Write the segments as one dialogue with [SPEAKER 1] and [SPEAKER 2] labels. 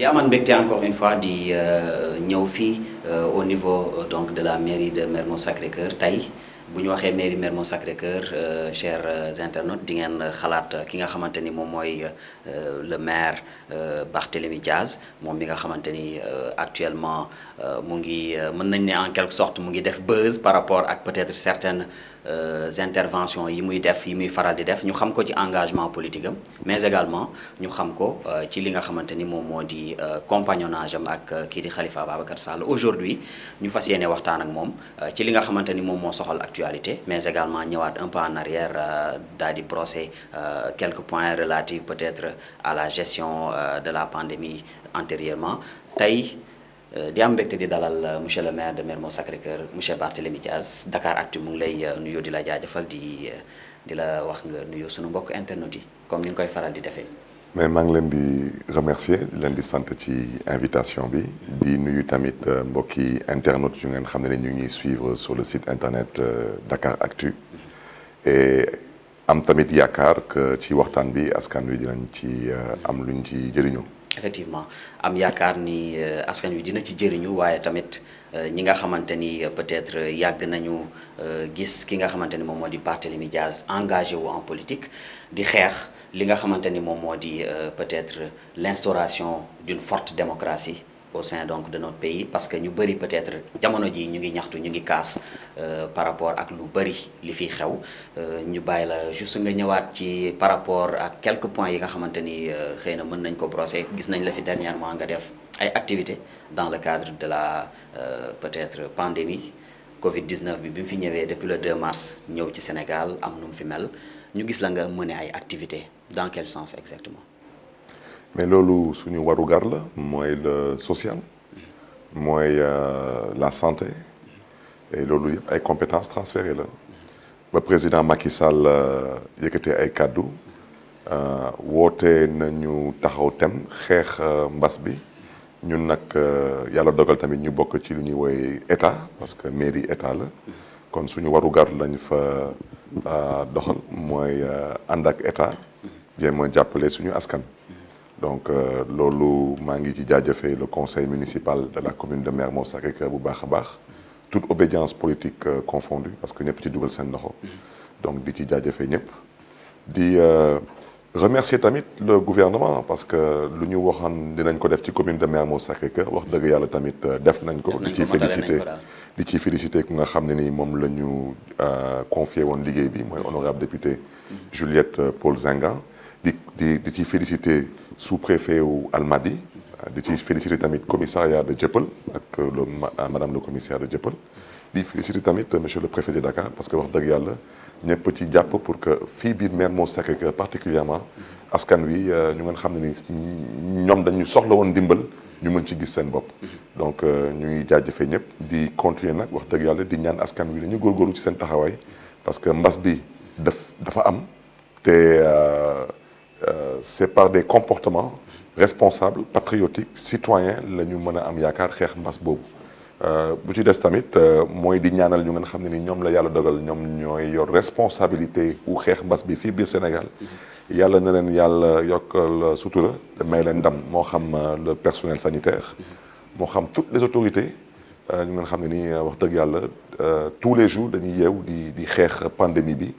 [SPEAKER 1] di aman mbégte encore une fois di nyaufi euh, fii euh, au niveau euh, donc de la mairie de Mermon Sacré-Cœur tey bu ñu waxee mairie Mermon Sacré-Cœur chers internautes di ngeen xalaat ki nga xamante ni moom le maire Barthélémy Diaz moom mi nga xamante actuellement mu ngi mën en quelque sorte mu ngi def buzz par rapport à peut-être certaines euh, intervention yi muy def yi muy faral di def ñu xam ko ci engagement politique mais également ñu xam ko euh, ci li nga xamanteni mom modi euh, compagnonnage am ak ki di Khalifa Babacar Sall aujourd'hui ñu fassiyene yéene waxtaan ak mom ci li nga xamanteni mom mo soxal actualité mais également ñëwaat un peu en arrière daal di brosser quelques points relatifs peut-être à la gestion de la pandémie antérieurement tay euh, di am mbégte di dalal euh, monsieur le maire de Mermoz Sacré-Cœur monsieur Barthélémy Dias Dakaractu mu ngi lay euh, nuyoo di la jaajëfal di di la wax nga nuyoo suñu mbokk internet yi comme ni nga koy faral di defee.
[SPEAKER 2] mais ma ngi len di remercier di leen di sante ci invitation bi di nuyu tamit mbokki internet yu ngeen xamné ñu ngi suivre sur le site internet Dakar Actu et am tamit yakar que ci waxtan bi askan wi dinañ ci am luñ ci jëriñu
[SPEAKER 1] effectivement am yaakaar ni euh, askan wi dina ci jëriñu waye tamit euh, ñi nga xamanteni euh, peut-être yag nañu gis ki nga xamanteni mom modi moo Diaz engagé wu en politique di xex li nga xamanteni mom modi peut-être l'instauration d'une forte démocratie au sein donc de notre pays parce que nous, bari peut-être jamono ji ñu ngi ñaxtu ñu ngi euh, par rapport à lu bari li fi xew euh, ñu bàyyi juste nga ñëwaat ci par rapport à quelques points yi nga xamanteni ni nous euh, na mën nañ ko brosser gis nañ la fi dernièrement nga def ay activités dans le cadre de la euh, peut-être pandémie Covid-19 bi bi fi ñëwé depuis le 2 mars ñëw ci Sénégal am avons fi mel ñu gis la nga ay activités dans quel sens exactement
[SPEAKER 2] mais que suñu warugar la c'est le social euh, la santé et loolu ay compétences transférées Là. président Macky Sall été euh, ay nous euh, Nous nañu tem bi ñun dogal tamit ñu bokk ci parce que mairie état la nous suñu nous lañ fa nous état askan donc euh, Lolo maa ngi ci le conseil municipal de la commune de Mermoz sacré bu baax toute obédience politique euh, confondue parce que a ci dugal seen loxo donc di ci jaajëfee ñëpp di euh, remercier tamit le gouvernement parce que lu ñu de dinañ ko def ci commune de Mermoz wax dëgg tamit def nañ ko di ci félicité di ci félicité ku nga xam ne ni moom la ñu confié woon bi mhm. honorable député Juliette Paul Zingan di di di ci félicité sous-préfet au Almadi euh, de féliciter tamit commissariat de Dieuppeul ak euh, le euh, madame le commissaire de Dieuppeul di féliciter tamit monsieur le préfet de Dakar parce que wax dëgg yàlla ñëpp petit jàpp pour que fii biir Mermoz sacré particulièrement askan wi ñu ngeen xam ne ni ñoom dañu soxla woon ndimbal ñu mën ci gis seen bopp donc ñu ngi jaajëfee ñëpp di continuer nak wax dëgg yalla di ñaan askan wi dañu gorou ci sen taxaway parce que mbass bi dafa am te euh, c'est par des comportements responsables patriotiques citoyens la ñu mën am yakar xex mbass mbas euh bu ci dess tamit euh, moy di ñaanal ñu ngeen xam ni ñom la yalla dogal ñom ñoy yor responsabilité ou xex mbass bi fi bi Sénégal yalla na leen yàlla yokkal sutura te may leen ndam mo xam euh, le personnel sanitaire mo xam toutes les autorités ñu ngeen xam ni wax deug yalla tous les jours dañuy yew di di xex pandémie bi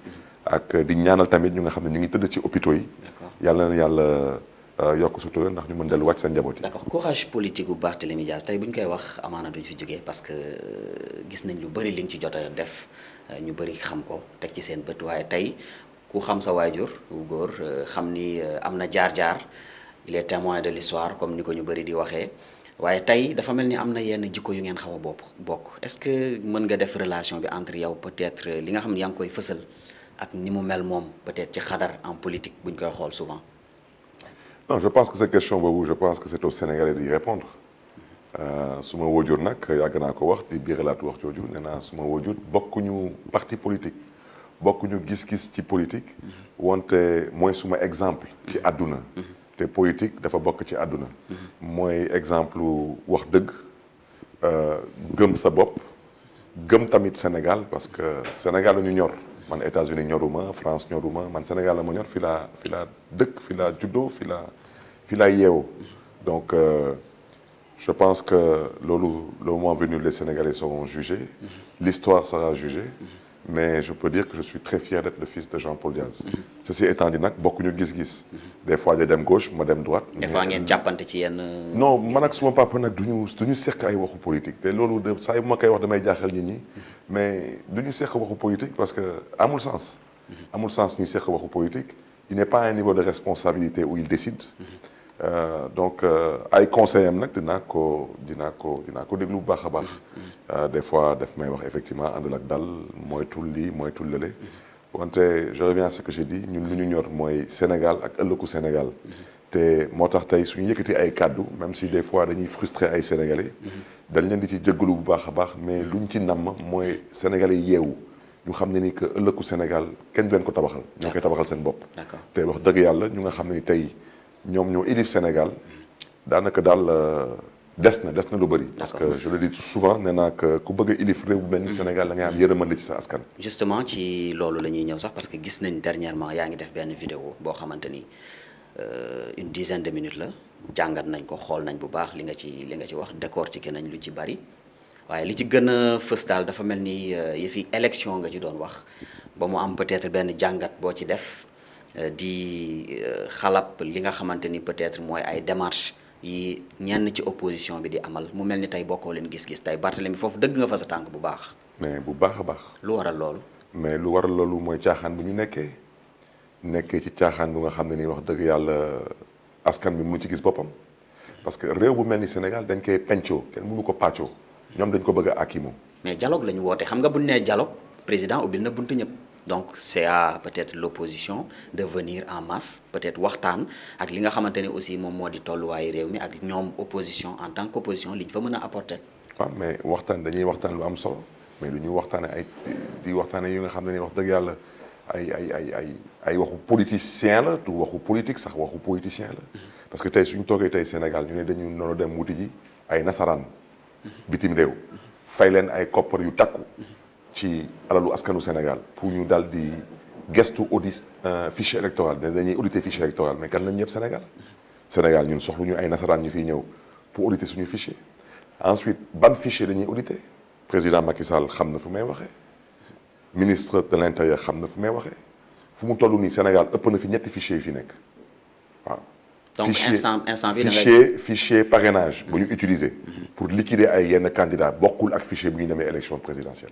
[SPEAKER 2] ak di ñaanal tamit ñu nga xam ne ñu ngi tëdd ci hôpitaux yi yàlla na yàlla euh, yokk sutura ndax ñu mën delluwaat
[SPEAKER 1] seen njaboot yi d'accord courage politique bu Barthélémy Dias tey bu ñu koy wax amaana duñ fi jógee parce que euh, gis nañ lu liñ ci def euh, ñu bari xam ko teg ci seen bët waaye tey ku xam sa waajur wu góor xam ni am na jaar-jaar il est témoin de l'histoire comme ni ko ñu bëri di waxee waaye tey dafa mel ni yenn jikko yu ngeen xaw bok est-ce que mën nga def relation bi entre yow peut-être li nga xam koy ak ni mu mel mom peut-être ci xadar en politique buñ koy xol souvent.
[SPEAKER 2] non je pense que cette question vous, je pense que c'est au Sénégalais d'y répondre euh suma wóojur nak yàgg naa ko wax di biiralaat wax jooju nee naa su ma wóojur bokkuñu parti politique ñu gis-gis ci politique. wonté mooy suma exemple ci aduna té politique dafa bok ci aduna moy exemple wax euh gëm sa bop gëm tamit Sénégal parce que Sénégal ñu ñor man États-Unis ñoruma France ñoruma man Sénégal la ma ñor fi la fi la dëkk fi la juddoo fi fi donc euh, je pense que le moment venu les Sénégalais seront jugés mm-hmm. l'histoire sera jugée mm-hmm mais je peux dire que je suis très fier d'être le fils de Jean-Paul Diaz. Mhm. ceci étant dit beaucoup nous gis-gis. Mhm. des fois des dames gauche ma droite.
[SPEAKER 1] des fois ngeen y ci yenn.
[SPEAKER 2] non man ak suma papa nag du ñu du ñu c'est ay waxu politique te loolu de saa yu ma koy wax damay jaaxal nit ñi mhm. mais du ñu seq waxu politique parce que amul sens. amul sens ñuy seq waxu politique il n'est pas à un niveau de responsabilité où il décide. Euh, donc euh, ay conseil am dina ko dina ko dina ko déglu bu baax mm-hmm. euh, des fois def may wax effectivement àndal ak dal moytul lii moytul lële mm-hmm. wante je reviens à ce que j'ai dit ñun lu ñu ñor moy Sénégal ak ëllëgu Sénégal mm-hmm. té motax tay suñu yëkëti ay cadeau, même si des fois dañuy frustré ay Sénégalais dañ leen di ci jéggalu bu baax a baax mais luñ ci namm moy Sénégalais yeewu ñu xamné ni que ëllëgu Sénégal kenn du leen ko tabaxal ñoo koy tabaxal seen bopp Té, wax dëgg yalla ñu nga xamné tay ñoom ñoo élif Sénégal danaka dal euh, des na des na lu bari parce que je le dis souvent nee que ku bëgg a élif réew bu mel mm. Sénégal la ngay am yërëmande ci sa askan.
[SPEAKER 1] justement ci loolu lañuy ñëw sax parce que gis nañ dernièrement yaa ngi def benn vidéo bo xamanteni euh une dizaine de minutes la jangat nañ ko xol nañ bu baax li nga ci li nga ci wax décortiqué nañ lu ci bari waaye li ci gën a fës daal dafa mel ni euh, yëfi élection nga ci doon wax ba mu am peut-être benn jàngat boo ci def Eh, di eh, halap li nga xamante ni peut-être mooy ay démarches yi ñenn ci opposition bi di amal mu mel ni tey gis-gis tey Barthélemy foofu dëgg nga fa sa tànk bu baax. mais bu baax a baax. lu waral loolu.
[SPEAKER 2] mais lu waral loolu mooy caaxaan bu ñu nekkee nekkee ci bu nga wax askan bi mënu ci gis boppam parce que réew bu mel ni Sénégal dañ koy pencoo ko pacho ñoom dañ ko bëgg akimu.
[SPEAKER 1] mais dialogue lañu hamga xam nga bu ñu nee dialogue président na buntu ñëpp. donc c'est à peut-être l'opposition de venir en masse peut-être waxtaan ak li nga xamante aussi mom modi tollu way réew mi ak ñom opposition en tant qu'opposition li fa mëna apporter.
[SPEAKER 2] waaw mais waxtaan dañuy waxtaan lu am solo mais luñu waxtane ay di waxtane yu nga xam wax deug yalla ay ay ay ay ay waxu politicien la tu waxu politique sax waxu politicien la mm-hmm. parce que tay suñu toogee tay Sénégal ñu né dañu nono dem wuti ji ay nasaraan mm-hmm. bitim réew mm-hmm. fay leen ay koppar yu takku ci alalu askanu Sénégal pour ñu daldi audit euh, fichier électoral dañuy auditer fichier électoral mais kan lañ Sénégal Sénégal ñun soxlu ñu ay ñu fi ñëw pour auditer suñu fichier ensuite ban dañuy auditer président Macky Sall ministre de l'intérieur xam fu may Sénégal ëpp na fi fichier donc instant instant fichier fichier parrainage mm-hmm. utiliser pour liquider ay candidat beaucoup ak fichier pour ñu présidentielle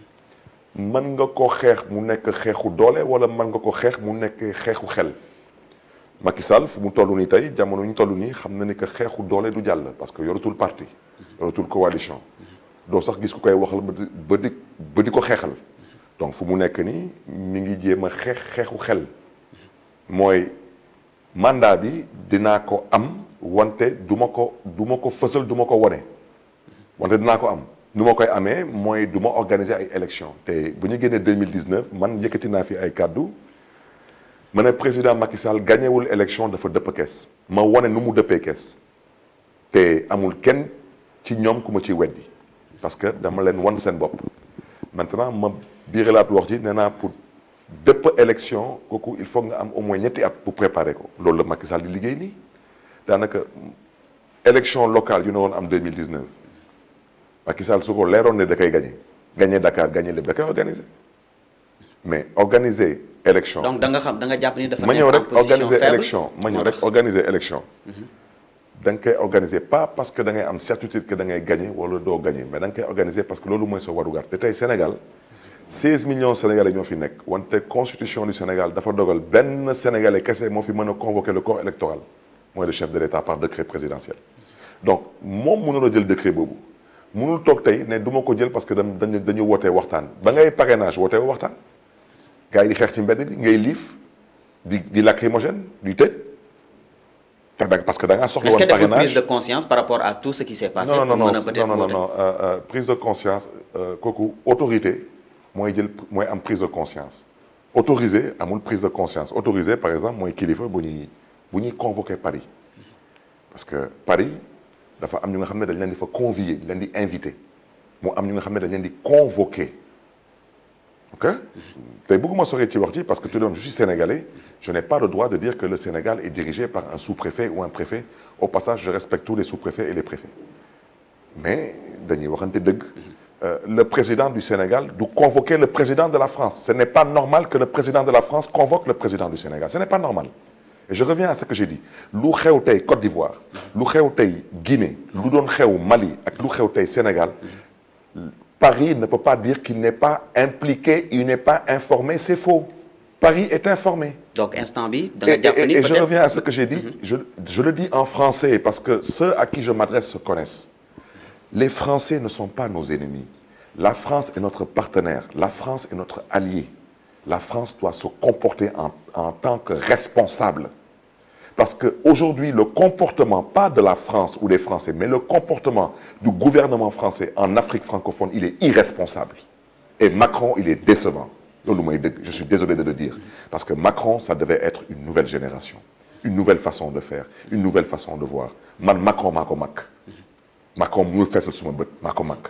[SPEAKER 2] mën nga ko xex mu nek xexu dole wala man nga ko xex mu nek xexu xel Macky Sall fu mu tollu ni tay jamono ñu tollu ni xam na ni que xexu dole du jàll parce que yoratul parti yoratul coalition do sax gis ku koy waxal ba di ba di ko xeexal donc fu mu nek ni mi ngi jema xex xexu xel moy mandat bi dina ko am wante duma ko duma ko fësal duma ko wone wante dina ko am Nous ma koy amee mooy du organiser ay élections te 2019 man yëkkati naa fi ay kàddu ma président Macky Sall gañewul élection dafa deux kees ma wane nu mu deux kees te amul kenn ci ñoom ku ma parce que dama leen wan sen bopp maintenant ma biré wax ji nee naa pour dëpp élection kooku il faut nga am au moins ñetti at pour préparer ko loolu la Macky Sall di liggéey nii daanaka élection locale yu ne woon am 2019 Macky Sall leeroon ne da koy gagner Dakar gagner les da organiser mais organiser élection donc
[SPEAKER 1] da nga xam da nga japp ni dafa organiser élection ma ñëw rek
[SPEAKER 2] organiser élection. Mhm. da nga organiser pas parce que da ngay am certitude que da ngay gagner wala doo gagner. mais da nga organiser parce que loolu mooy sa warugar Sénégal 16 millions sénégalais ont fi nekk constitution du Sénégal dafa dogal benn sénégalais kese moo fi mën a convoquer le corps électoral mooy le chef de l'État par décret présidentiel donc moom mënul a jël décret boobu mënul tok tay ne du ko jël parce que dañu dañu woté waxtaan ba ngay parrainage woté waxtaan gaay di xex ci mbedd bi ngay lif di di lacrymogène di tëj te da parce que da nga soxla woon parrainage est-ce que prise de
[SPEAKER 1] conscience par rapport à tout ce qui s'est passé Non, non, a peut-être non non non
[SPEAKER 2] euh, euh, prise de conscience coco. Euh, autorité moy jël moy am prise de conscience autorisé amul prise de conscience autorisé par exemple moy équilibre bu ñuy bu convoqué Paris parce que Paris dafa am ñu nga xam di convier dañ di am ok parce que je suis sénégalais je n'ai pas le droit de dire que le Sénégal est dirigé par un sous-préfet ou un préfet au passage je respecte tous les sous-préfets et les préfets mais dañuy euh, le président du Sénégal doit convoquer le président de la France ce n'est pas normal que le président de la France convoque le président du Sénégal ce n'est pas normal et je reviens à ce que j'ai dit Lou Côte d'Ivoire Lou Guinée lu Mali ak Sénégal Paris ne peut pas dire qu'il n'est pas impliqué il n'est pas informé c'est faux Paris est informé. Donc, instant B, dans et, et je reviens à ce que j'ai dit. Mm-hmm. je, le dis en français parce que ceux à qui je m'adresse se connaissent. Les Français ne sont pas nos ennemis. La France est notre partenaire. La France est notre allié. La France doit se comporter en tant que responsable. Parce qu'aujourd'hui, le comportement, pas de la France ou des Français, mais le comportement du gouvernement français en Afrique francophone, il est irresponsable. Et Macron, il est décevant. Je suis désolé de le dire. Parce que Macron, ça devait être une nouvelle génération. Une nouvelle façon de faire. Une nouvelle façon de voir. Macron, Macron, Macron. Macron, Macron, Macron.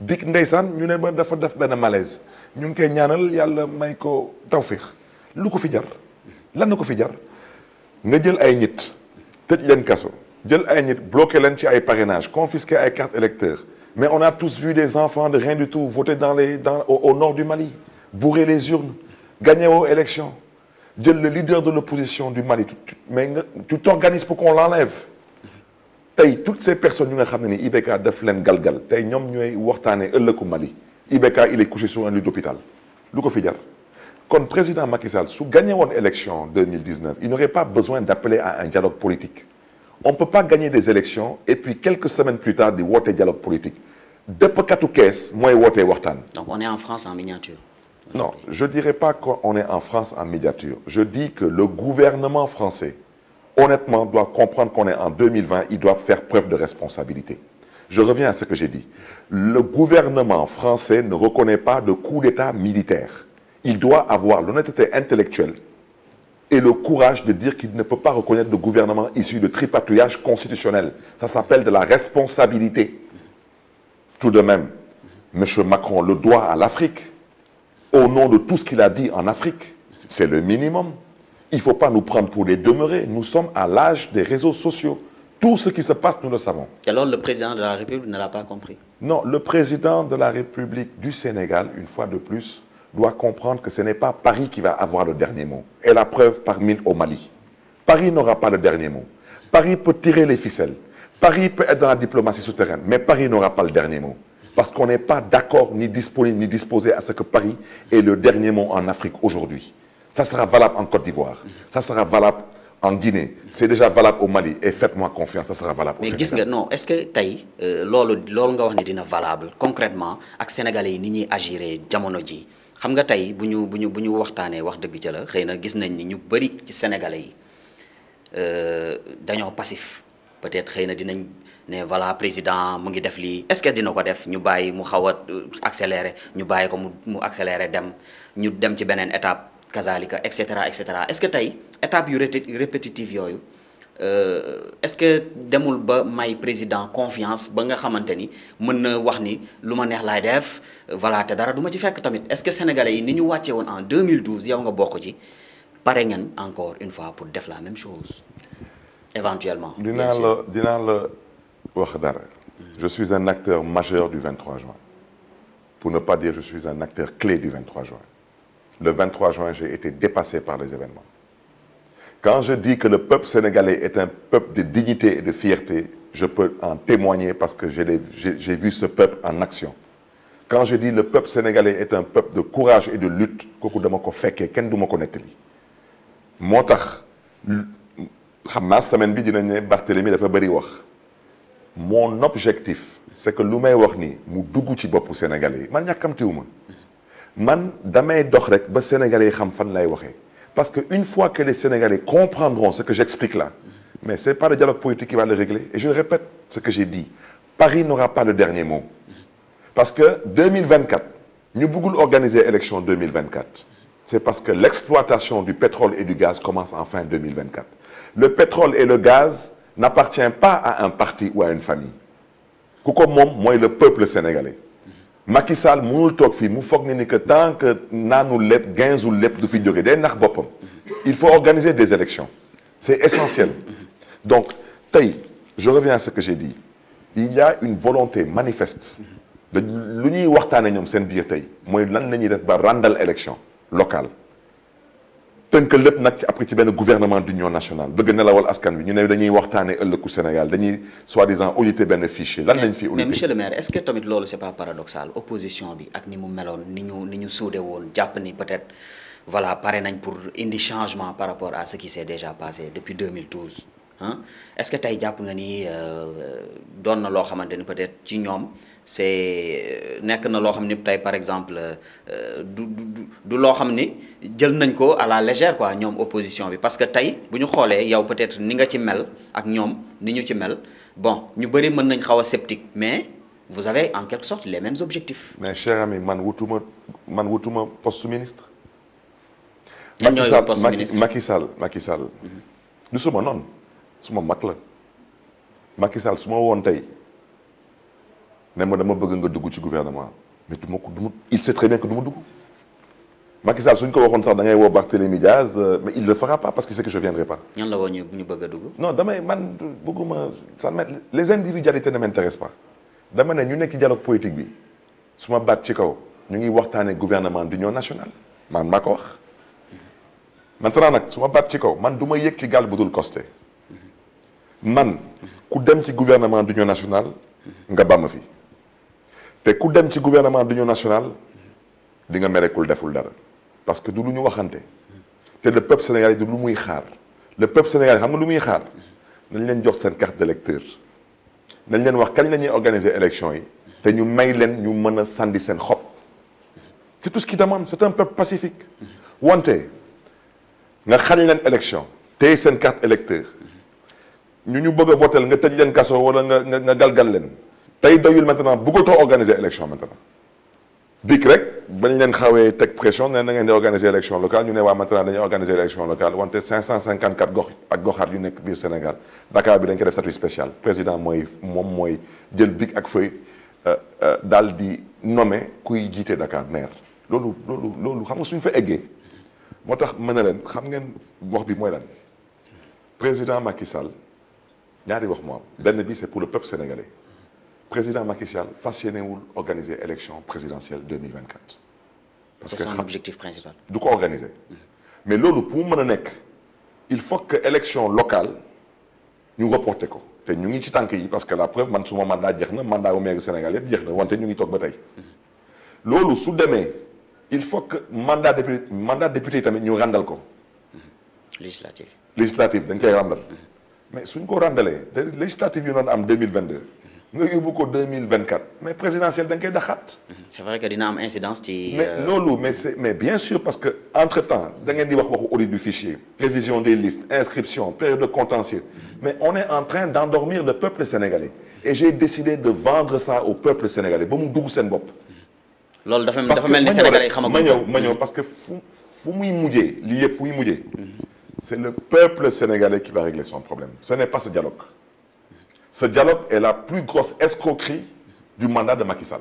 [SPEAKER 2] Dick ndeysaan ñu ne ba dafa malaise ñu ngi ñaanal malaise. may ko lu ko fi jar lan fi jar nga jël cartes électeurs mais on a tous vu des enfants de rien du tout voter dans dans au, nord du Mali bourrer les urnes gagner aux élections le leader de l'opposition du Mali tu t'organises pour qu'on l'enlève toutes ces personnes Ibeka, nga xamné daf len galgal tey ñom ñoy waxtaanee ëllëgu Mali IBK il est couché sur un lit d'hôpital lu ko fi jar président Macky Sall su gagné won élection 2019 il n'aurait pas besoin d'appeler à un dialogue politique on ne peut pas gagner des élections et puis quelques semaines plus tard di un dialogue politique dëppkatu kees moy wootee waxtane
[SPEAKER 1] donc on est en France en miniature
[SPEAKER 2] non je ne dirais pas qu'on est en France en miniature je dis que le gouvernement français honnêtement, doit comprendre qu'on est en 2020, il doit faire preuve de responsabilité. Je reviens à ce que j'ai dit. Le gouvernement français ne reconnaît pas de coup d'État militaire. Il doit avoir l'honnêteté intellectuelle et le courage de dire qu'il ne peut pas reconnaître de gouvernement issu de tripatouillage constitutionnel. Ça s'appelle de la responsabilité. Tout de même, M. Macron le doit à l'Afrique. Au nom de tout ce qu'il a dit en Afrique, c'est le minimum il ne faut pas nous prendre pour les demeurer. Nous sommes à l'âge des réseaux sociaux. Tout ce qui se passe, nous le savons.
[SPEAKER 1] Et alors le président de la République ne l'a pas compris
[SPEAKER 2] Non, le président de la République du Sénégal, une fois de plus, doit comprendre que ce n'est pas Paris qui va avoir le dernier mot. Et la preuve par mille au Mali. Paris n'aura pas le dernier mot. Paris peut tirer les ficelles. Paris peut être dans la diplomatie souterraine, mais Paris n'aura pas le dernier mot. Parce qu'on n'est pas d'accord, ni disponible, ni disposé à ce que Paris ait le dernier mot en Afrique aujourd'hui. Ça sera valable en Côte d'Ivoire. Ça sera valable en Guinée. C'est déjà valable au Mali.
[SPEAKER 1] Et faites-moi confiance, ça sera valable au Mais gis nga non est-ce que Taï, euh, loolu loolu nga wax dina valable concrètement ak sénégalais yi ni ñuy agiré jamono ji xam nga tay buñu buñu buñu waxtané wax dëgg ci la xeyna na gis nañ ni ñu bari ci sénégalais yi euh, dañoo passif peut-être xeyna na dinañ né voilà président mu ngi def li est-ce que dina ko def ñu bayyi mu xaw euh, accélérer, ñu bayyi ko mu accélérer dem ñu dem ci benen étape kazalika et cetera et cetera est-ce que tay étape yu répétitive euh, est-ce que demul ba may président confiance ba nga xamanteni ni mën na wax ni luma neex lay def euh, voilà té dara duma ci fekk tamit est-ce que sénégalais yi ni ñu wàcce en 2012 yow nga bokk ci paré ngeen encore une fois pour def la même chose éventuellement. Dina, la
[SPEAKER 2] dina la wax dara. Hmm. je suis un acteur majeur du 23 juin pour ne pas dire je suis un acteur clé du 23 juin le 23 juin, j'ai été dépassé par les événements. Quand je dis que le peuple sénégalais est un peuple de dignité et de fierté, je peux en témoigner parce que j'ai vu ce peuple en action. Quand je dis que le peuple sénégalais est un peuple de courage et de lutte, je dama ko pas kenn du ko nettali moo tax Barthélémy semaine bi mon objectif c'est que le may wax nii mu dugg ci sénégalais man man damay dox rek ba sénégalais xam fan lay parce que une fois que les sénégalais comprendront ce que j'explique là mais c'est pas le dialogue politique qui va le régler et je répète ce que j'ai dit Paris n'aura pas le dernier mot parce que 2024 ñu bëggul organiser élection 2024 c'est parce que l'exploitation du pétrole et du gaz commence en fin 2024 le pétrole et le gaz n'appartient pas à un parti ou à une famille ku mom, moi le peuple sénégalais Macky Sall mënul tok fi mu fogg ni que tant que naanu lepp ginzu lepp du fi jóge day nax bopam il faut organiser des élections c'est essentiel donc tey je reviens à ce que j'ai dit il y a une volonté manifeste de luñuy waxtané ñom sen biir tey mooy lan lañuy def ba randal élection locale tënk lépp nag ci après ci benn gouvernement d'union nationale bëgg nelawal askan bi ñu ne dañuy waxtaanee ëllëgu Sénégal dañuy soi-disant auditer benn fichier lan lañ fi mais monsieur le
[SPEAKER 1] maire est-ce que tamit loolu c'est pas paradoxal opposition bi ak ni mu meloon ni ñu ni ñu suude woon jàpp ni peut-être voilà pare nañ pour indi changement par rapport à ce qui s'est déjà passé depuis 2012 Hein? est-ce que tay japp nga ni euh, don na lo xamante peut-être ci ñom c'est euh, nek na lo xamni tay par exemple euh, du du du loo ni jël nañ ko à la légère quoi ñom opposition bi parce que tay buñu xolé yow peut-être ni nga ci mel ak ñom ni ñu ci mel bon ñu bari mën nañ xaw sceptique mais vous avez en quelque sorte les mêmes objectifs. mais cher ami man wutuma man wutuma poste ministre. ñoom ñooy poste ministre Macky
[SPEAKER 2] Sall Macky Sall mhm. nous sommes non suma mag la Macky Sall su ma woon tey ne ma dama bëgg nga dugg ci gouvernement mais du ma ko du ma il sait très bien que du ma dugg Macky Sall suñ ko waxoon sax da ngay woo Barthélémy Diaz euh, mais il le fera pas parce que c'est que je viendrai pas. ñan la woo ñu bu ñu bëgg a dugg. non damay man bëgguma ça les individualités ne m'intéressent pas dama ne ñu nekk dialogue politique bi suma ma baat ci kaw ñu ngi waxtaanee gouvernement d'union nationale man maa ko wax maintenant nag suma ma baat ci kaw man du ma yëg ci gal bu dul costé man ku dem ci gouvernement d'union nationale nga bam ma fi té ku dem ci gouvernement d'union nationale di nga merekul deful dara parce que du luñu waxanté té le peuple sénégalais du lu muy xaar le peuple sénégalais xam nga lu muy xaar nañ leen jox sen carte d'électeur nañ leen wax kañ la organiser élection yi té ñu may leen ñu mëna sandi sen xop c'est tout ce qui demande c'est un peuple pacifique wanté nga xañ leen élection té sen carte électeur nous ñu bëgg votel doyul maintenant organiser maintenant dik rek bañ leen de pression nous pression, organisé organiser élection locale nous, Nous, maintenant nous organiser élection locale avons 554 Sénégal Dakar statut spécial président euh, euh, nommer kuy Dakar maire xam nga suñu président Macky Sall ñaari wax moom benn bi c'est pour le peuple sénégalais président Macky Sall fas organiser élection présidentielle 2024 parce que c'est un objectif principal du ko organiser mais loolu pour mu mën il faut que élection locale ñu reporter ko te ñu ngi ci tànk yi parce que la preuve man suma mandat jeex na mandat wu maire sénégalais yëpp jeex na wante ñu ngi toog ba tey loolu su demee il faut que mandat député mandat député tamit ñu randal ko législatif. Législatif. dañ koy mm-hmm mais si vous rendalee le législative en am 2022 nous avons en 2024 mais présidentielle da quel
[SPEAKER 1] c'est vrai que dina am incidence ci. mais
[SPEAKER 2] non, euh, mais mais bien sûr parce que entre temps da quel di wax waxu audit du fichier révision des listes inscription période de contentieux mais on est en train d'endormir le peuple sénégalais et j'ai décidé de vendre ça au peuple sénégalais Bon, mu s'en bop.
[SPEAKER 1] dafa que sénégalais yi
[SPEAKER 2] parce que c'est le peuple sénégalais qui va régler son problème. Ce n'est pas ce dialogue. Ce dialogue est la plus grosse escroquerie du mandat de Macky Sall.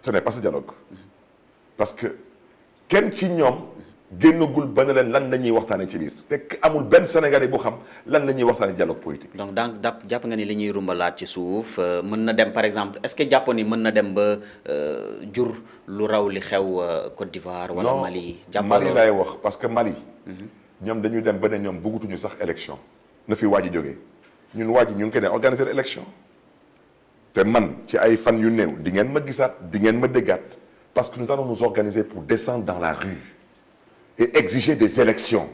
[SPEAKER 2] Ce n'est pas ce dialogue. Parce que Ken ci ñoom génnagul ba ne leen lan la amul Ben
[SPEAKER 1] sénégalais bu xam lan dialogue politique. donc donc jàpp nga ni li ñuy rumbalaat ci suuf euh, par exemple est-ce que les Japonais dem ba euh, jur lu raw li xew euh, Côte d'Ivoire. wala Mali non Mali parce que Mali. Mhm ñoom dañu dem bëne ñom bëggutu ñu
[SPEAKER 2] sax élection na fi waji joggé ñun waji ji ñu ngi koy organiser élection té man ci ay fan yu néw di ngeen ma gissat di ngeen ma déggat parce que nous allons nous organiser pour descendre dans la rue et exiger des élections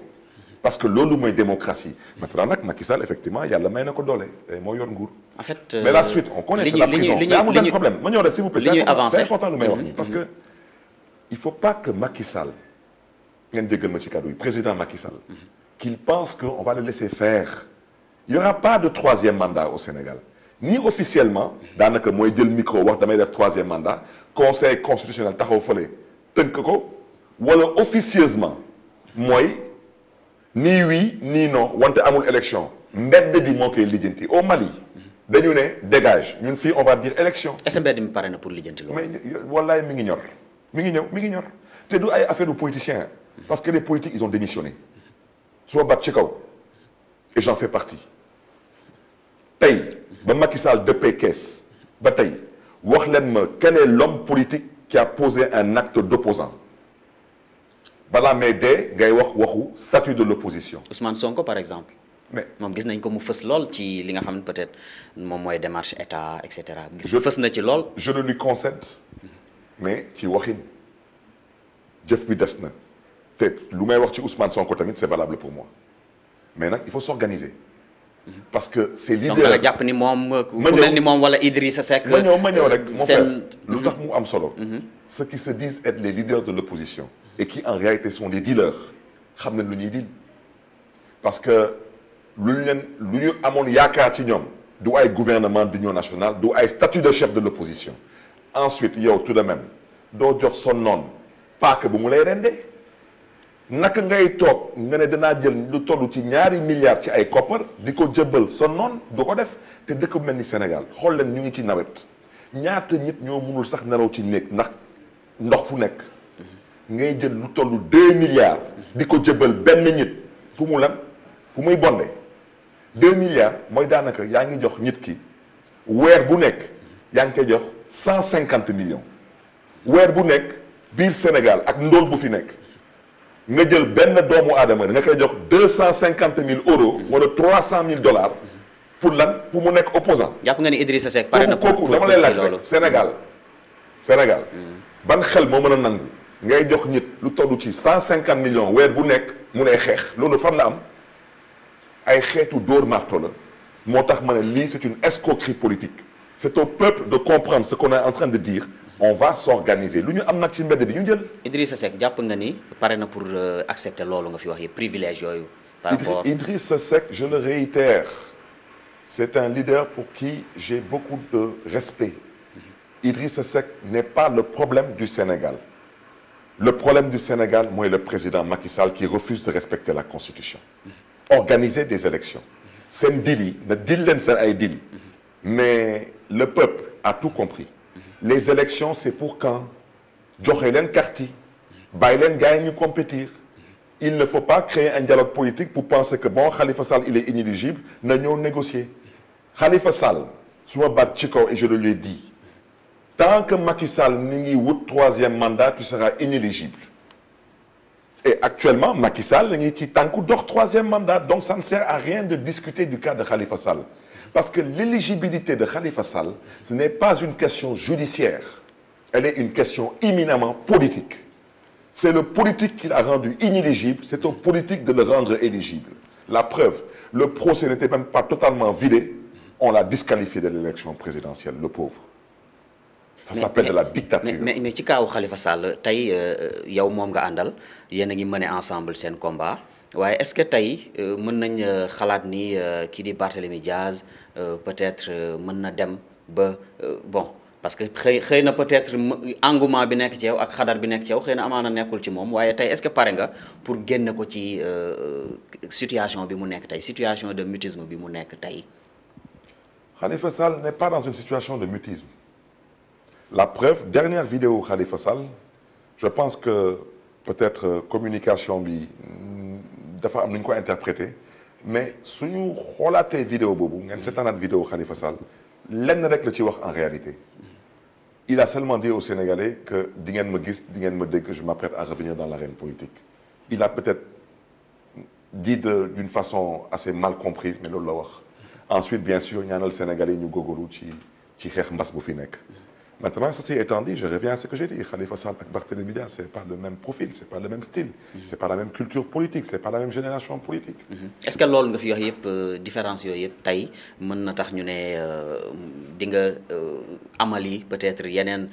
[SPEAKER 2] parce que lolu moy démocratie maintenant nag Macky Sall effectivement yàlla may na ko doole tey yor nguur.
[SPEAKER 1] en fait mais la euh, suite on connaît. la prison mais amul problème ma ñëw rek s'il vous plaît. avancer c'est important lu may wax nii parce mhm. que
[SPEAKER 2] il faut pas que Macky Sall ngeen ma ci président Macky Sall qu'il pense qu'on va le laisser faire il n'y aura pas de troisième mandat au Sénégal ni officiellement daanaka mooy le micro wax damay def troisième mandat conseil constitutionnel taxaw fële tënk ko wala officieusement moi ni oui ni non wante amul élection mbedd bi moo koy au Mali dañu ne dégage ñun fii on va dire élection est ce que mi na pour l'identité. loolu mais wallaay mi ngi ñor mi ngi ñëw mi ngi ñor te du ay affaire de politiciens. Parce que les politiques, ils ont démissionné. Soit Batchekao, et j'en fais partie. Paye, Macky Sall de Pékès, Bataille, quel est l'homme politique qui a posé un acte d'opposant
[SPEAKER 1] Bala Médé, statut de l'opposition. Ousmane Sonko, par exemple. mais moom gis nañ ko mu fës lool ci li nga peut-être moom démarche état etc.
[SPEAKER 2] je ne na ci lool. je ne lui concède mais ci waxin jëf bi Peut-être may wax ci Ousmane Sonko c'est valable pour moi Maintenant
[SPEAKER 1] il faut s'organiser
[SPEAKER 2] parce que ces leaders... donc
[SPEAKER 1] euh,
[SPEAKER 2] mhm. mhm. ceux qui se disent être les leaders de l'opposition et qui en réalité sont des dealers xam nañ lu ñuy parce que l'Union, à mon lu doit être gouvernement d'union nationale doit ay statut de chef de l'opposition ensuite il y a tout de même d'autres jox son pas que bu mu lay rendre. naka ngay toog nga ne danaa jël lu toll ci ñaari milliards ci ay koppar di ko jëbbal sa noon du ko def te dëkk mel ni Sénégal xool leen ñu ngi ci nawet ñaata ñëpp ñoo mënul sax nelaw ci néeg ndax ndox fu nekk ngay jël lu toll deux milliards di ko jëbbal benn nit fu mu lan fu muy bonde deux milliards mooy daanaka yaa ngi jox nit ki weer bu nekk yaa ngi koy jox cent cinquante millions weer bu nekk biir Sénégal ak ndóol bu fi nekk nga jël benn doomu aadama nga koy jox 250 mille euros. wala 300 mille dollars. pour lan pour mu nekk opposant
[SPEAKER 1] jàpp nga ni Idrissa Seck pare na kooku dama lay laaj rek
[SPEAKER 2] Sénégal Sénégal. Hmm. ban xel moo mën a nangu. ngay jox nit lu toll ci 150 millions weer bu nekk mu ne xeex loolu fan la am ay xeetu dóor marto la moo tax ma ne lii c'est une escroquerie politique c'est au peuple de comprendre ce qu'on est en train de dire on va s'organiser L'Union
[SPEAKER 1] Seck pour euh, accepter privilège
[SPEAKER 2] Seck je le réitère c'est un leader pour qui j'ai beaucoup de respect Idriss Seck n'est pas le problème du Sénégal le problème du Sénégal et le président Macky Sall qui refuse de respecter la constitution. organiser des élections C'est un délit. mais le peuple a tout compris les élections c'est pour quand joxe Karty, Biden gagne compétir il ne faut pas créer un dialogue politique pour penser que bon Khalifa Sall il est inéligible Nous, allons négocier Khalifa Sall et je le lui ai dit tant que Macky Sall pas ngi troisième mandat tu seras inéligible et actuellement Macky Sall pas ngi ci troisième mandat donc ça ne sert à rien de discuter du cas de Khalifa Sall parce que l'éligibilité de Khalifa Sall, ce n'est pas une question judiciaire. Elle est une question imminemment politique. C'est le politique qui l'a rendu inéligible, c'est au politique de le rendre éligible. La preuve, le procès n'était même pas totalement vidé, on l'a disqualifié de l'élection présidentielle, le
[SPEAKER 1] pauvre. Ça s'appelle de la dictature. Mais mais Khalifa Sall euh, yow nga a mené ensemble un combat. Ouais, est-ce que tay meun nañ euh, xalaat ni euh, ki di Barthélémy Diaz euh, peut-être meun na dem ba bon parce que xeyna peut-être engouement bi nek ci yow ak xadar bi nek ci yow xeyna na nekul ci mom waye tay est-ce que pare nga pour génne ko ci situation bi mu nek tay situation de mutisme bi mu nek tay
[SPEAKER 2] Khalifa Sall n'est pas dans une situation de mutisme. La preuve, dernière vidéo Khalifa Sall, je pense que peut-être communication bi dafa am nu ko interpréter mais suñu xolaté vidéo bobu ngén seetaanaat vidéo Khalifa Sall lenn rek la ci wax en réalité il a seulement dit aux Sénégalais que di ngén ma gis di ngén ma dégg je m'apprête à revenir dans l'arène politique il a peut-être dit d'une façon assez mal comprise mais lolu la wax ensuite bien sûr ñaanal Sénégalais ñu góorgóorlu ci ci xeex mbass bu fi nekk Maintenant, ceci étant dit, je reviens à ce que j'ai dit. Khalifa Sall et Barthélémy ce n'est pas le même profil, ce n'est pas le même style, mhm. c'est ce n'est pas la même culture politique, ce n'est pas la même génération politique. Mhm.
[SPEAKER 1] Est-ce que l'on peut vous avez différence vous euh, euh, Amali, peut-être, il y a une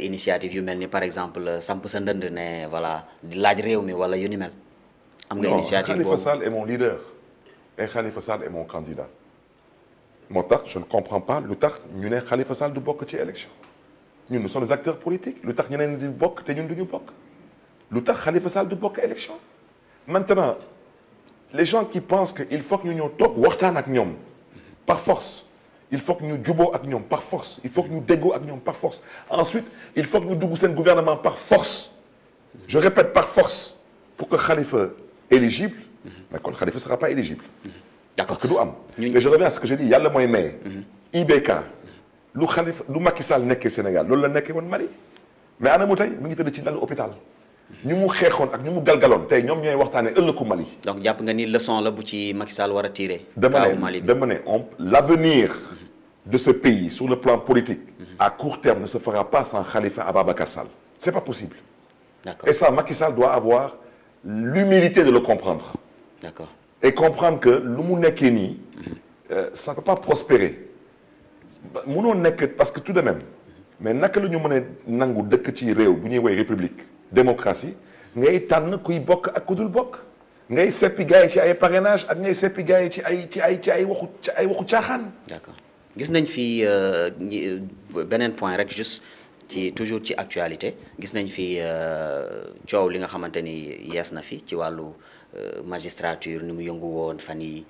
[SPEAKER 1] initiative humaine, par exemple, 100% euh, voilà, l'Adréoumi, voilà, Yunimel. Am une initiative Khalifa Sall est mon leader
[SPEAKER 2] et Khalifa Sall est mon candidat. Mon je ne comprends pas le sommes Khalifa Sall de côté élection. Nous, nous sommes des acteurs politiques Le tax ñeneen di bokk nous, ñun duñu bokk lu tax Khalifa Sall du bokk élection maintenant les gens qui pensent que il faut que ñu ñëw tok waxtaan ak par force il faut que ñu juboo ak ñoom par force il faut que ñu déggoo ak ñoom par force ensuite il faut que ñu dugg le gouvernement par force je répète par force pour que Khalifa éligible mais kon Khalifa sera pas éligible parce que du am mais je reviens à ce que j'ai dit Yalla mooy maye mhm. IBK lu khalifa lu Macky Sall Sénégal loolu la nekké won Mali mais ana mu tay mu ngi tëdd ci lalu hôpital ñu mu xeexoon ak ñu mu galgaloon tay ñom ñoy waxtaanee ëllëgu Mali.
[SPEAKER 1] donc japp nga ni leçon la bu ci Macky Sall tirer. dama
[SPEAKER 2] l'avenir de ce pays sur le plan politique. Mhm. à court terme ne se fera pas sans Khalifa Ababakar Sall c'est pas possible. d'accord et ça Makissal doit avoir l'humilité de le comprendre. d'accord et comprendre que lu mu nekkee nii. Mhm. Euh, ça peut pas prospérer. munoo nekk parce que tout de même mais naka la ñu mën a nangu dëkk ci réew bu ñuy woy république démocratie ngay tànn kuy bokk ak ku dul bokk ngay seppi gars ci ay parrainage ak ngay seppi gars ci ay ci ay ay waxu ci ay waxu caaxaan.
[SPEAKER 1] d'accord gis nañ fi euh, beneen point rek juste ci toujours ci actualité gis nañ fi euh, coow li nga xamante ni yees na fi ci wàllu euh, magistrature ni mu yëngu woon fan yi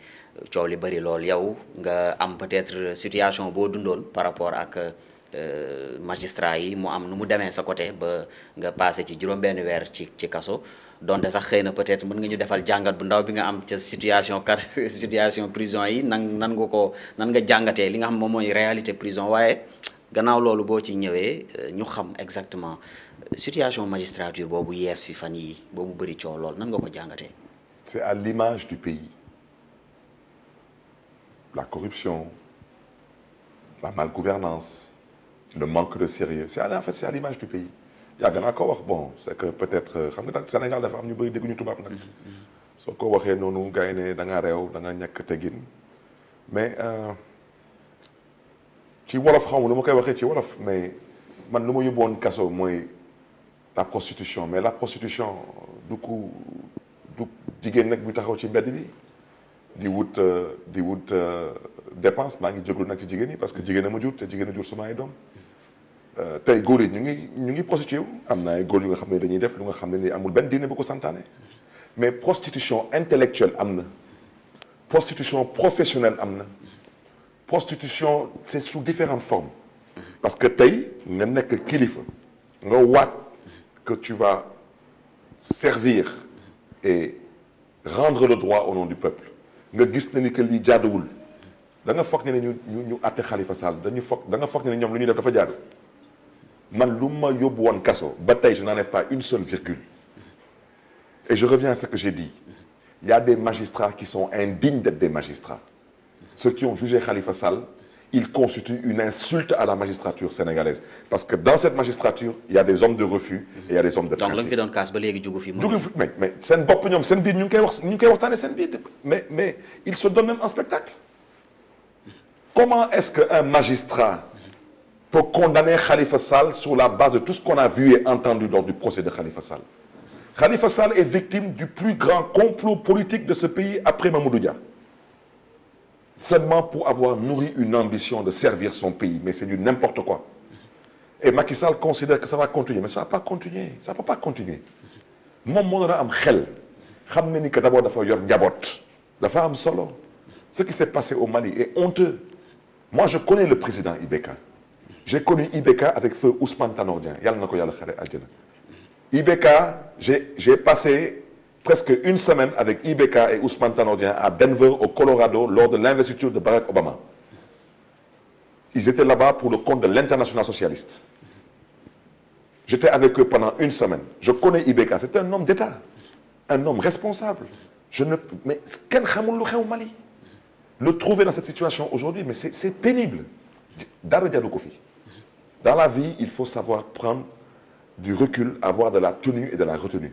[SPEAKER 1] coow li bëri lool yow nga am peut-être situation boo dundoon par rapport ak euh, magistrat yi mu am nu mu demee sa côté ba nga passé ci juróom-benn weer ci ci kaso donte sax xëy na peut-être mën nga ñu defal jàngat bu ndaw bi nga am ca situation car situation prison yi nan nan nga ko nan nga jàngatee li nga xam moom mooy réalité prison waaye gannaaw loolu boo ci ñëwee euh, ñu xam exactement euh, situation magistrature boobu yees fi fan yi boobu bëri coow lool nan nga ko jàngatee. c'est
[SPEAKER 2] la corruption, la malgouvernance, le manque de sérieux. C'est en fait, c'est à l'image du pays. Il y a un bon, c'est que peut-être, de euh, Sénégal dafa am ñu bëri dégguñu tubaab nag. soo ko c'est da un tegin mais euh, ci wolof ci wolof mais man ne pas la prostitution mais la prostitution du coup, du taxaw ci mbedd bi di wut euh, di wut euh, dépense maa ngi jógalu nag ci jigéen parce que jigéen a ma jur te jigéen a jur sama ay doom euh, tey góor yi ñu ngi ñu ngi prostituer amna ay góor yu nga xamné ne dañuy def lu nga xamné ni amul ben diine bu ko santané mais prostitution intellectuelle amna prostitution professionnelle amna prostitution c'est sous différentes formes parce que tay nga nek kilifa nga waat que tu vas servir et rendre le droit au nom du peuple nga gis na que da nga ñu ñu Khalifa Sall da nga lu def dafa man je n'enlève pas une seule virgule et je reviens à ce que j'ai dit il y a des magistrats qui sont indignes d'être des magistrats ceux qui ont jugé Khalifa Sall il constitue une insulte à la magistrature sénégalaise parce que dans cette magistrature il y a des hommes de refus et il y a des hommes de. donc il mais mais mais mais il se donne même un spectacle comment est-ce qu'un magistrat peut condamner Khalifa Sal sur la base de tout ce qu'on a vu et entendu lors du procès de Khalifa Sal Khalifa Sal est victime du plus grand complot politique de ce pays après Mamoudou Dia seulement pour avoir nourri une ambition de servir son pays. Mais c'est du n'importe quoi. Et Macky Sall considère que ça va continuer. Mais ça ne va pas continuer. Ça va pas continuer. Mon solo ce qui s'est passé au Mali est honteux moi je connais le président Ibeka j'ai connu Ibeka avec feu Ousmane Tanordien. Ibeka j'ai passé presque une semaine avec Ibeka et Ousmane Tanordien à Denver, au Colorado, lors de l'investiture de Barack Obama. Ils étaient là-bas pour le compte de l'international socialiste. J'étais avec eux pendant une semaine. Je connais Ibeka. C'était un homme d'État, un homme responsable. Je ne... Mais au Mali Le trouver dans cette situation aujourd'hui, mais c'est pénible. Dans la vie, il faut savoir prendre du recul, avoir de la tenue et de la retenue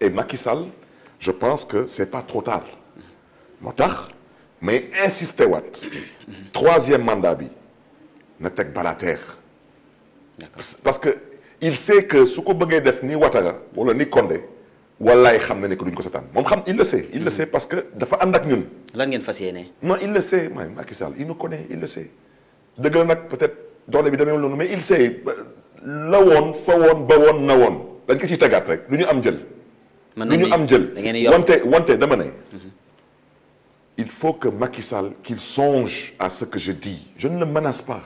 [SPEAKER 2] et Macky Sall je pense que c'est pas trop tard moo mais insister wat. troisième mandat bi na teg bala terre parce que il sait que su ko bëggee def ni Ouattara wala ni Condé wallaay xam que duñ ko setaan moom xam il le sait il le mm-hmm. sait parce que dafa ànd ak ñun.
[SPEAKER 1] lan ngeen fas yéene.
[SPEAKER 2] non il le sait Macky Sall il nous connaît il le sait De grand peut-être doole bi demee noonu mais il sait la woon fa woon ba woon na woon dañ ko ciy tegaat rek lu am jël lu am wante wante dama mhm. il faut que Macky Sall qu'il songe à ce que je dis je ne le menace pas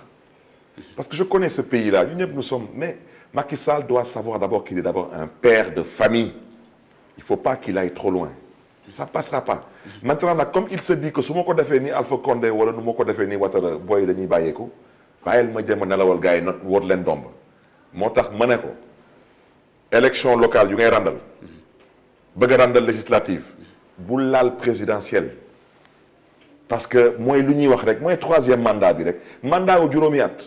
[SPEAKER 2] mhm. parce que je connais ce pays là nous sommes mais Macky Sall doit savoir d'abord qu'il est d'abord un père de famille il ne faut pas qu'il aille trop loin ça mhm. passera pas maintenant là, comme il se dit que su ma ko defee Alpha Condé wala nu ma ko ni nii Boy booy dañuy bàyyeeku bàyyil ma jëm a nelawal gars yi not wóor leen domb moo que ma ko élection locale yu ngay ràndal bëgg a ràndal législative bu laal présidentielle parce que mooy lu ñuy wax rek mooy troisième mandat bi rek mandat wu juróomi at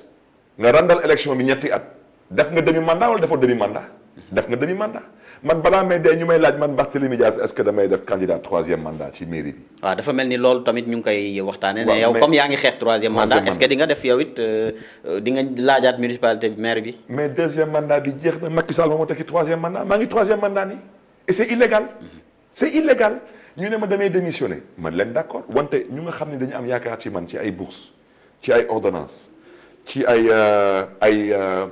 [SPEAKER 2] nga ràndal élection bi ñetti at def nga demi mandat wala defoo demi mandat def nga demi mandat man bala may dee ñu may laaj man Barthélémy Dias est-ce que damay def candidat 3e mandat ci mairie bi.
[SPEAKER 1] waaw dafa melni lool tamit ñu ngi koy waxtaanee. yow comme yaangi ngi 3e mandat est-ce que di nga def yow it euh, euh, di nga laajaat municipalité maire bi.
[SPEAKER 2] mais 2e mandat bi jeex na Macky Sall mo moo 3e mandat ma ngi 3e mandat ni et c'est illégal c'est illégal Nous, ne ma démissionner Je suis d'accord Nous ñu nga dañu am des ci man ci ay bourse ci ordonnances, ordonnance ci ay ay des euh,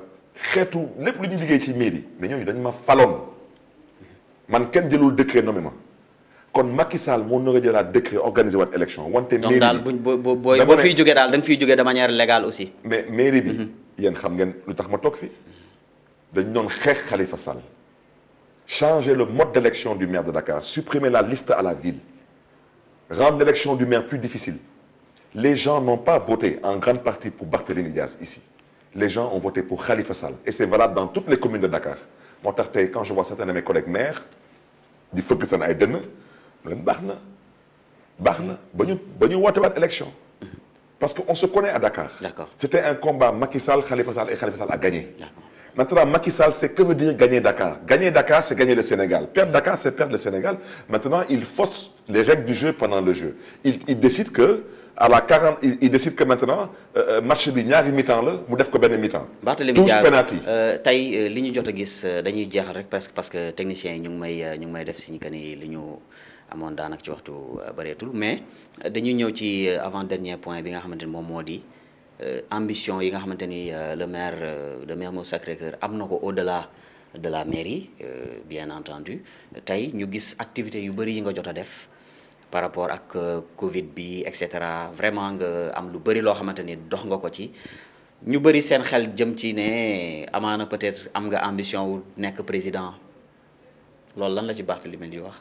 [SPEAKER 2] euh, lu des mairie mais nous dañ ma décret Macky Sall nous décret organiser l'élection. élection
[SPEAKER 1] mairie fiy de manière légale aussi. mais mairie
[SPEAKER 2] bi. Mhm. xam ngeen lutax ma tok fi dañ non, xex Khalifa changer le mode d'élection du maire de Dakar, supprimer la liste à la ville, rendre l'élection du maire plus difficile. Les gens n'ont pas voté en grande partie pour Barthélémy Diaz ici. Les gens ont voté pour Khalifa Sall. Et c'est valable dans toutes les communes de Dakar. Moi, quand je vois certains de mes collègues maires, il faut mhm. que ça n'aille demain. Barna, Barna, bonne élection. Parce qu'on se connaît à Dakar. C'était un combat Macky Sall, Khalifa Sall et Khalifa Sall a gagné. Maintenant, Macky Sall, c'est que veut dire gagner Dakar Gagner Dakar, c'est gagner le Sénégal. Perdre mm. Dakar, c'est perdre le Sénégal. Maintenant, il fausse les règles du jeu pendant le jeu. Il, il décide que à la 40, il, il décide que maintenant euh, euh, match bi ñaari mi-temps la mu
[SPEAKER 1] def ko benn mi-temps. Barthélémy Diaz euh, tey euh, li ñu jot a gis dañuy parce que technicien ñu ngi may ñu ngi may def siñu que ni li ñu amoon daanaka ci waxtu mais dañuy ñëw ci avant dernier point bi nga xamante ni euh, ambition yi nga xamante ni euh, le maire euh, le maire Mermoz Sacré-Cœur am au-delà de la mairie bien entendu tey ñu gis activité yu bëri yi nga jot def par rapport ak Covid bi et cetera vraiment nga am lu bëri loo xamante ni dox nga ko ci ñu bëri seen xel jëm ci ne amaana peut-être am nga ambition wu nekk président loolu lan la ci Barthélémy di wax.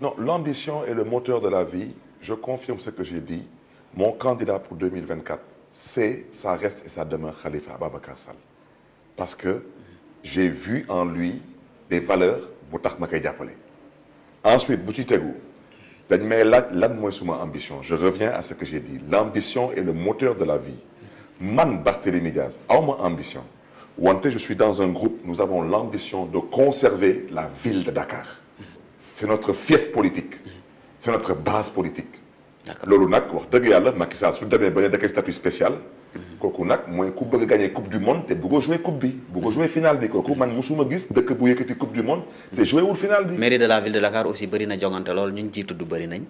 [SPEAKER 2] non l'ambition est le moteur de la vie je confirme ce que j'ai dit mon candidat pour 2024 c'est, ça reste et ça demeure Khalifa Ababakar Sall. Parce que j'ai vu en lui des valeurs que Makay n'ai ensuite Bouti tegu ambition je reviens à ce que j'ai dit l'ambition est le moteur de la vie man Barthélémy ambition wante je suis dans un groupe nous avons l'ambition de conserver la ville de Dakar c'est notre fief politique c'est notre base politique lolu nak wax deug yalla Macky Sall su demee baña ne statut spécial koku nak moy ku bëgg gagner coupe du monde té bëggoo joué coupe bi bëggoo joué finale bi koku man musuma gis dëkk bu yëkëti coupe du monde
[SPEAKER 1] té joué wul finale bi mairie de la ville de Dakar aussi bari na jongante loolu ñu ci tuddu bari nañ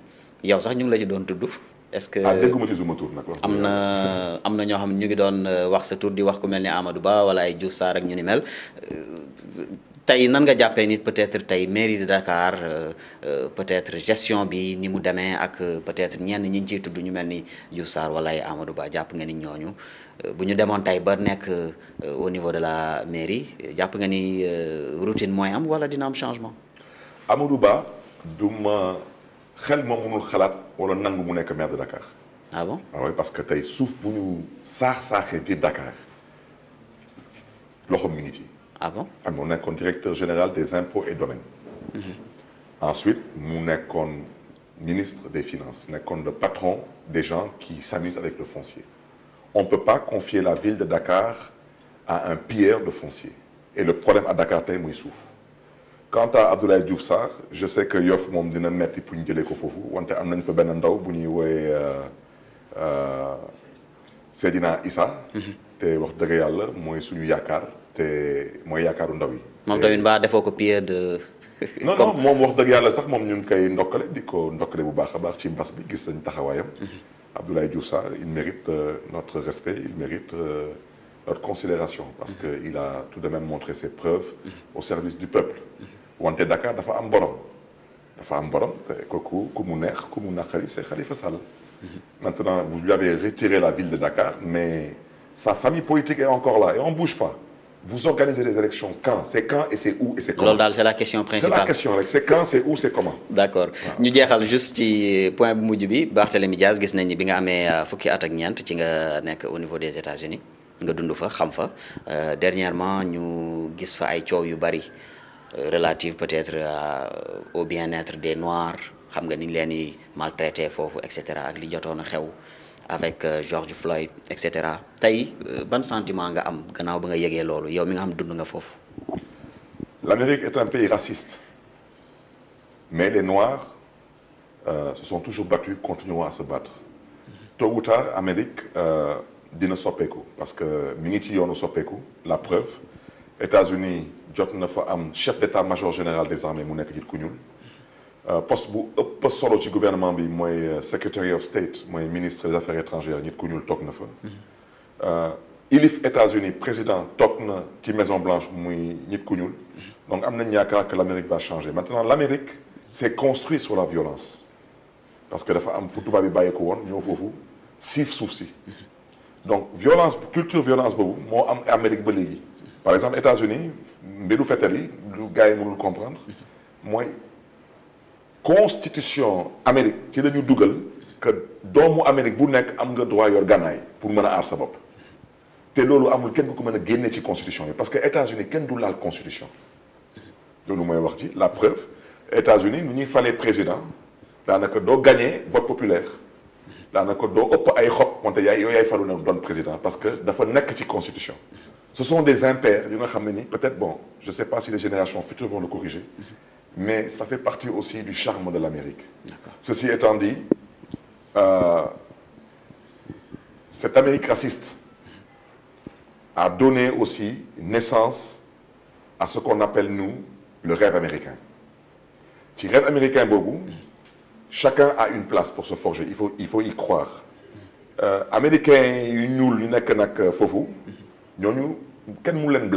[SPEAKER 1] yow sax ñu ngi la ci doon tuddu est-ce que ah dégguma ci suma tur nag am na am xam ñu ngi doon euh, wax sa tour di wax ku melni Amadou Ba wala ay Diouf Sarr ak ñu ni mel euh, tey nan nga jàppee ni peut-être tey mairie de Dakar euh, euh, peut-être gestion bi ni mu demee ak euh, peut-être ñenn ñi ñu ciy tudd ñu mel ni Diouf Sarr Amadou Ba jàpp nga ni ñooñu bu ñu demoon tey ba nekk au niveau de la mairie jàpp nga ni routine mooy am wala dina am changement. Amadou Ba du ma xel ma mënul xalaat wala nangu
[SPEAKER 2] mu nekk maire de Dakar. ah bon ah oui parce que tey suuf bu ñu saax saaxee Dakar loxo mi ngi ci. avant ah, On est comme directeur général des impôts et domaines mm-hmm. ensuite est comme ministre des finances comme le patron des gens qui s'amusent avec le foncier on ne peut pas confier la ville de Dakar à un pierre de foncier et le problème à Dakar c'est muy souffre. quant à Abdoulaye Diouf je sais que Yoff mom dina metti pour ñu jëlee ko foofu wante am nañ fa un ndaw bu ñuy wooye euh, euh, Seydina Issa mm-hmm. te wax dëgg suñu Yakar te mooy yaakaaru ndaw yi.
[SPEAKER 1] moom tamit mbaa ko pierre de.
[SPEAKER 2] non non moom wax dëgg yàlla sax moom ñu ngi koy ndokkale di bu baax a baax ci mbas bi gis mm-hmm. Abdoulaye Diouf Sarr il mérite euh, notre respect il mérite euh, notre considération parce que mm-hmm. il a tout de même montré ses preuves mm-hmm. au service du peuple. wante Dakar dafa am borom dafa am borom te kooku ku neex ku mu naqari c'est Khalifa Sall. maintenant vous lui avez retiré la ville de Dakar mais sa famille politique est encore là et on bouge pas vous organisez les élections quand c'est quand et c'est où et c'est comment
[SPEAKER 1] c'est la question principale c'est la question c'est quand c'est où c'est comment d'accord ñu jeexal juste ci euh, point bu mujj Barthélémy Diaz gis nañ ni bi nga amee euh, fukki at ak ci au niveau des États-Unis nga dund fa xam fa euh, dernièrement nous gis fa ay coow yu relative peut-être au bien-être des Noirs xam nga maltraités, ñu etc. maltraité foofu et ak li xew avec euh, George Floyd etc. cetera quel euh, sentiment nga am gannaaw ba nga yegee ça yow mi nga L'Amérique est un pays raciste
[SPEAKER 2] mais les noirs euh, se sont toujours battus continuent à se battre tôt ou tard l'Amérique Amérique euh, dina soppeeku parce que mi ngi ci la preuve États-Unis jot fa chef d'état-major général des armées mu nekk nit ku euh, poste bu ëpp solo ci gouvernement bi secrétaire euh, secretary of state ministre des affaires étrangères nit ku ñuul toog na fa. Euh, ilif États-Unis président tok na ci Maison Blanche muy nit ku ñuul. donc amna ont que l'Amérique va changer maintenant l'Amérique s'est construite sur la violence parce que dafa am fu tubaab yi bàyyi ko won ñoo si sif suuf donc violence culture violence boobu mo am Amérique ba par exemple États-Unis mbédu fetel yi lu gars comprendre constitution Amérique ci la ñu dugal que doomu Amérique bu nekk am nga droit yor pour mën a sa bob. te loolu amul kenn ku mën a ci constitution parce que États-Unis kenn du laal constitution loolu mooy wax dit la preuve États-Unis nu n'y fallait président daanaka doo gagner vote populaire daanaka doo ëpp ay xob wante yaay yow yaay falu na président parce que dafa nekk ci constitution ce sont des impairs yu nga xam peut-être bon je sais pas si les générations futures vont le corriger mais ça fait partie aussi du charme de l'Amérique. Ceci étant dit, euh, cette Amérique raciste a donné aussi naissance à ce qu'on appelle, nous, le rêve américain. Tu rêve américain, beaucoup, chacun a une place pour se forger. Il faut, il faut y croire. Euh, américain, une a une nak nak fofu, nous, ken nous,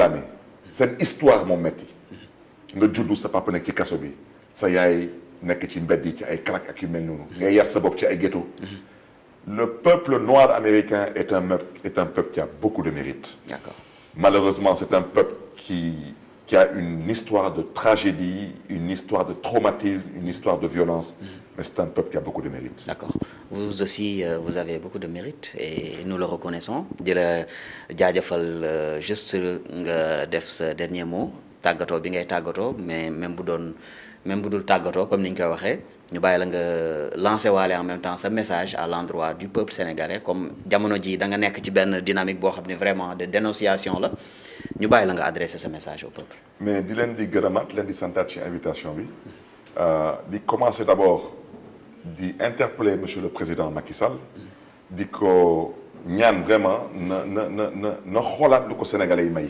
[SPEAKER 2] C'est une histoire, le peuple noir américain est un est un peuple qui a beaucoup de mérite. Malheureusement, c'est un peuple qui qui a une histoire de tragédie,
[SPEAKER 1] une histoire de traumatisme, une histoire de violence. Mm-hmm. Mais c'est un peuple qui a beaucoup de mérite. D'accord. Vous aussi, euh, vous avez beaucoup de mérite et nous le reconnaissons. Djadjafal, euh, juste euh, ce dernier mot, tagato bi ngay tagato mais même bu doon même bu dul tàggatoo comme ni ñu koy waxee ñu bayila nga lancer walé en même temps ce message à l'endroit du peuple sénégalais comme jamono ji da nga nekk ci ben dynamique bo xam vraiment de dénonciation la ñu bayila nga adresser ce message au peuple.
[SPEAKER 2] mais di len di gërëmaat len di santaat ci invitation bi euh di commencer d'abord di interpeller monsieur le président Macky Sall di ko ñaan vraiment na na na na xolat lu ko sénégalais yi may.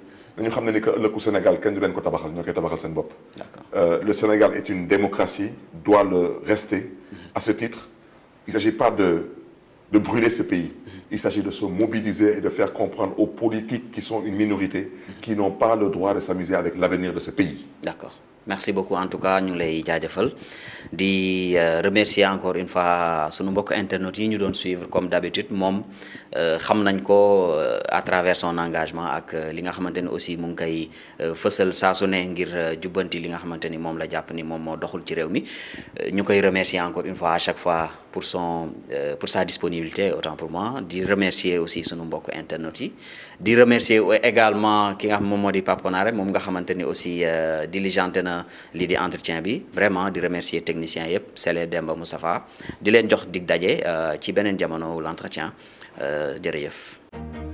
[SPEAKER 2] Nous que euh, le Sénégal est une démocratie doit le rester. Mm-hmm. à ce titre il ne s'agit pas de brûler ce pays. Mm-hmm. il s'agit de se mobiliser et de faire
[SPEAKER 1] comprendre aux politiques qui sont une minorité. Mm-hmm. qui n'ont pas le droit de s'amuser avec l'avenir de ce pays. d'accord. merci beaucoup en tout cas ñu ngi lay jaajëfal di euh, remercier encore une fois sunu mbokk internet yi ñu doon suivre comme d'habitude moom euh, xam nañ ko euh, à travers son engagement ak li nga xamante ni aussi mu ngi koy fësal saa ne ngir jubbanti li nga xamante ni moom la jàpp ni moom moo doxul ci réew mi ñu koy remercier encore une fois à chaque fois pour son euh, pour sa disponibilité autant pour moi de remercier aussi son nombre internet de remercier également ki nga xam moom moo di Pape Konaré nga aussi euh, diligent dans l'idée di entretien vraiment di remercier technicien yep salé Demba Moustapha di leen jox dig daje euh, ci beneen jamono l'entretien jërëjëf